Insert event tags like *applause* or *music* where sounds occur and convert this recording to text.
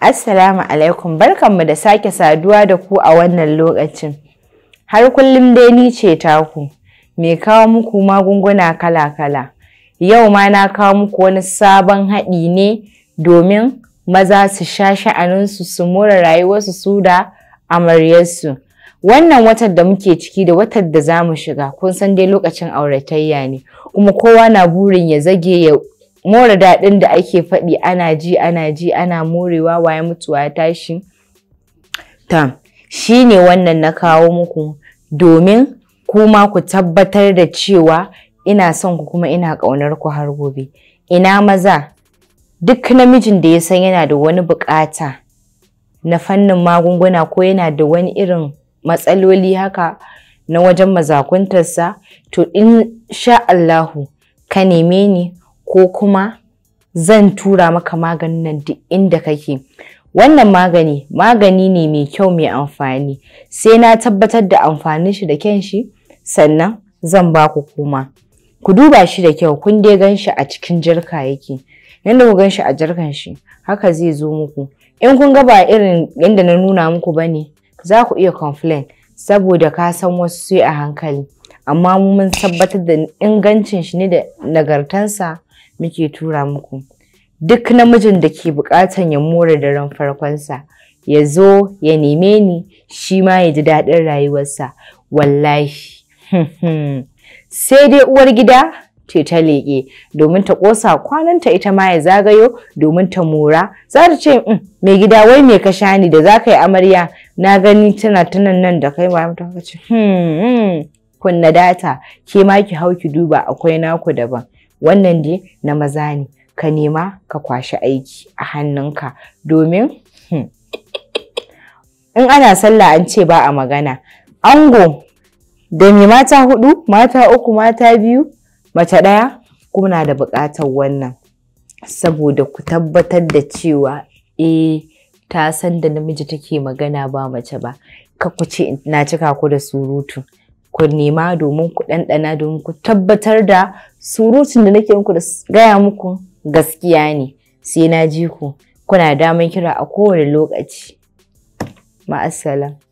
Assalamu alaikum barkanmu da sake saduwa da ku a wannan lokacin. Har kullum dai ni ce taku, mai kawo muku magunguna kala-kala. Yau ma na kawo muku wani sabon haɗi ne domin maza su sha sha'aninsu su more rayuwarsu su da amaryarsu. Wannan watan da muke ciki da watan da za mu shiga, kun san dai lokacin auratayya ne, kuma kowa na burin ya zage ya more daɗin da ake faɗi ana ji ana ji ana morewa waye mutuwa ya tashi ta shi ne wannan na kawo muku domin kuma ku tabbatar da cewa ina son ku kuma ina ƙaunar ku har gobe ina maza duk namijin da ya san yana da wani buƙata na fannin magunguna ko yana da wani irin matsaloli haka na wajen mazakuntarsa to in sha Allahu ka neme ni ko kuma zan tura maka maganin nan duk inda kake wannan magani magani ne mai kyau mai amfani sai na tabbatar da amfanin shi da kyan shi sannan zan ba ku kuma ku duba shi da kyau kun dai gan shi a cikin jirka yake yadda ku gan shi a jarkan shi haka zai zo muku in kun ga ba irin yadda na nuna muku ba ne za ku iya complain saboda ka san wasu sai a hankali amma mun tabbatar da ingancin shi ne da nagartansa muke tura muku duk namijin da ke buƙatan ya more daren farkonsa ya zo ya neme ni shi ma ya ji daɗin rayuwarsa wallahi *laughs* sai dai uwar gida ce ta leƙe domin ta ƙosa kwananta ita ma ya zagayo domin ta mora za ta ce mm, mai gida wai mai ka sha ni da za ka yi amarya na gani tana tunan nan da kai ma ta ce hmm, hmm, kunna data ke ma ki hau ki duba akwai naku daban wannan dai na maza ne ka nema ka kwashi aiki a hannunka domin hmm, in ana sallah an ce ba a magana ango da mai mata hudu mata uku mata biyu mace ɗaya kuna da buƙatar wannan saboda ku tabbatar da cewa eh ta san da namiji take magana ba mace ba ka ku ce na cika ku da surutu ku nema domin ku ɗanɗana domin ku tabbatar da surutun da nake muku da gaya muku gaskiya ne sai na ji ku kuna damar kira a kowane lokaci ma'asalam.